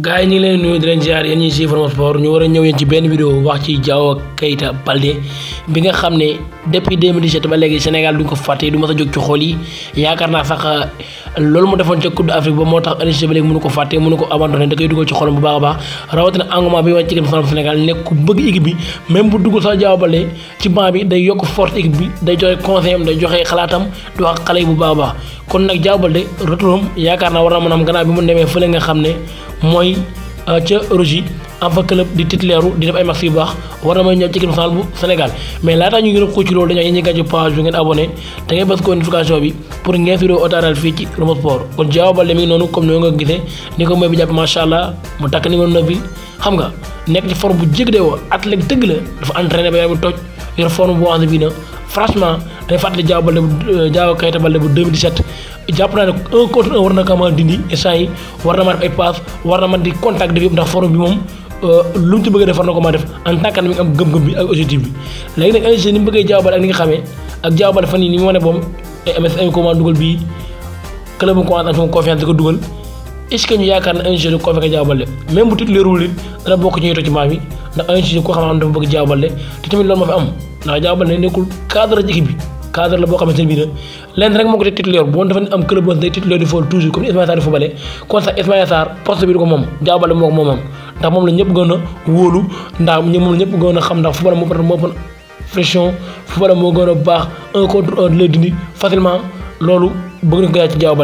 gaay yi ñu ngi leen nuyu di leen ziar yéen ñi ci Forma Sport ñu war a ci benn vidéo wax ci Diao Keita Baldé bi nga xam ne depuis 2017 ba léegi Sénégal duñ ko fàtte a yi yaakaar naa euh, a joxe conseil day joxe xalaatam du wax xale yi bu baax a baax kon nag Diao Baldé retouram yaakaar naa war na mën a am gannaaw bi mu demee fële nga xam ne mooy mooy euh, ca Rogy am fa club di titulaire di def ay match yu baax war na may ñëw ci équipe nationale bu Sénégal mais laataa ñu ngi rëb xóoci loolu dañoo yéen ngeen abonné te ngay bës ko notification fii ci Rmo kon Diao Baldé mi ngi noonu comme ni nga gisee ni ko mooy bi jàpp macha allah mu takk numéro 9 bi xam nga nekk ci forme bu jég de woo athlète dëgg la dafa entraîné ba yaay toj yor forme bu wànq bi na franchement tey fàttali Diao Baldé bu euh, Diao Keita Baldé bu 2017 jàpp naa ne un contre un war na ko mën a dindi yi war na mën def ay passe war na mën di contact def yëpp ndax forum bi moom euh, lu mu ci bëgg a na ko mën a def en tant que bi ak objectif bi léegi nag ANG ni mu bëggee nga xamee ak Diao Baldé fan yi ni mu wane boom MSN commande dugal bii club mu commencé am confiance di ko dugal ce que yaakaar ne ANG du convoqué Diao Baldé bokk ci ñuy ko xam-xam dafa bëgg Diao Baldé te tamit loolu ma fi am ndax Diao Baldé nekkul cadre ci bi cadre la boo xamante ne bii nag lenn rek moo ko te titulaire bu woon dafa ne am club boo day titulaire di fool toujours comme ni Ismaïla Sarr di footballé kon sax Ismaïla Sarr poste bi ko moom Diao moo ko moomam ndax moom la ñëpp gën a wóolu ndax moom la ñëpp gën a xam ndax football moo moo ëppoon pression football moo gën a baax un contre un lay dindi facilement loolu bëgg na ko yaa ci Diaw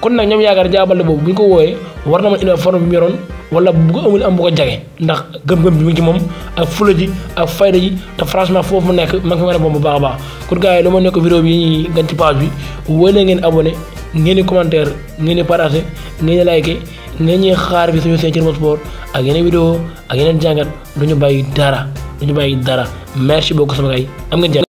kon nag ñoom yaakaar Diaw boobu bu ñu ko wooyee war na mën indi forme bi mu yoroon wala bu amul am bu ko jage ndax gëm-gëm bi mu ngi ci moom ak fula ji ak fayda ji te franchement foofu mu nekk ma ngi fi mën a moom mu baax a baax kon gars yi lu ma nekk vidéo bi ñuy gan ci bi wooy la ngeen abonné ngeen di commentaire ngeen di partagé ngeen di liké ngeen ñuy xaar bi suñu seen Thiel Sport ak yeneen vidéo ak yeneen jàngat du ñu bàyyi dara du ñu bàyyi dara merci beaucoup sama gars am ngeen jàng